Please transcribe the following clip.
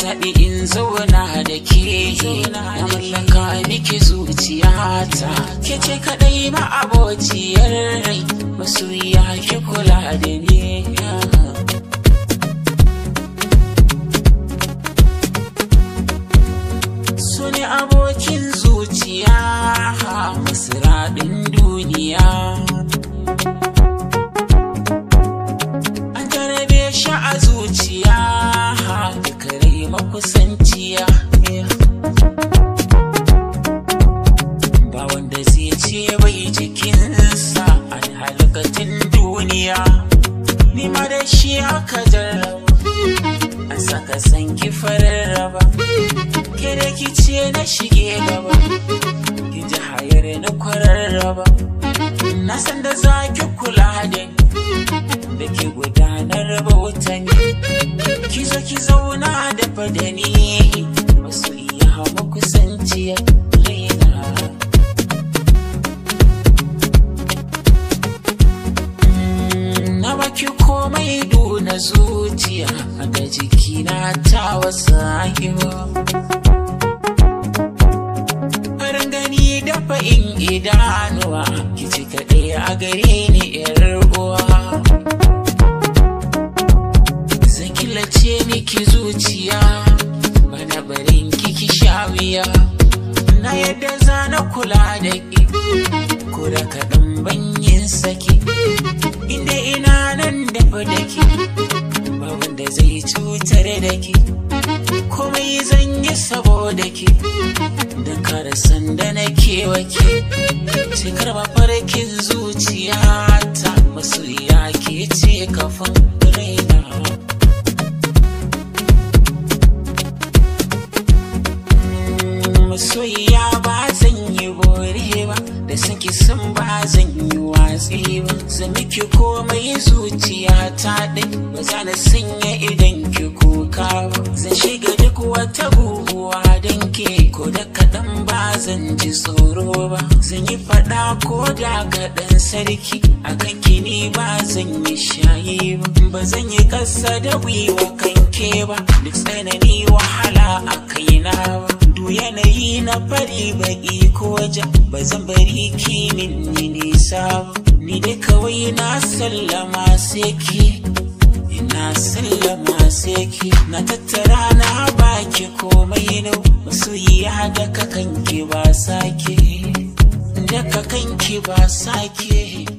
zaɓi in zauna da ke na mata ke ce kadai ma rai masoya ki kula da wuya ni ma da shi aka jarraba a saka san ki farar raba ke da ki ce na shige gaba ki ji hayar na kwarar raba na san da za ki kula da da ki gudanar bauta ne ki zo ki zauna da fadani masu iya hawa kusanciya komai na zuciya da jikina ta wasa Farin gani da in idanuwa, ci kaɗai a gare ni ‘yar uwa. Zakilace ki zuciya, bana barin kiki sha Na yadda zana kula da ki, kura kaɗan banyin saki. rabu da ke ba wanda zai cutar da ke komai zan yi saboda ke da kada da na kewa cikar mafarkin zuciya ta masoya ke ce kafin raina suke sun ba zan yi watsi ba zan miki komai zuciya ta ɗin ba za na sanya idan ki kuka ba zan shiga duk wata guguwa don ke ko da kaɗan ba zan ji tsoro ba zan yi faɗa ko da kaɗan sarki a kan kini ba zan yi shayi ba ba zan yi ƙasa da gwiwa kanke ba duk tsanani wahala a kaina ba duk yanayi na fari ba. wajen ba zan bari ki min yi nisa ni dai kawai na sallama sai ki ina sallama sai ki na tattara na baki komai na masoyiya da ki ba sake da kakanki ba sake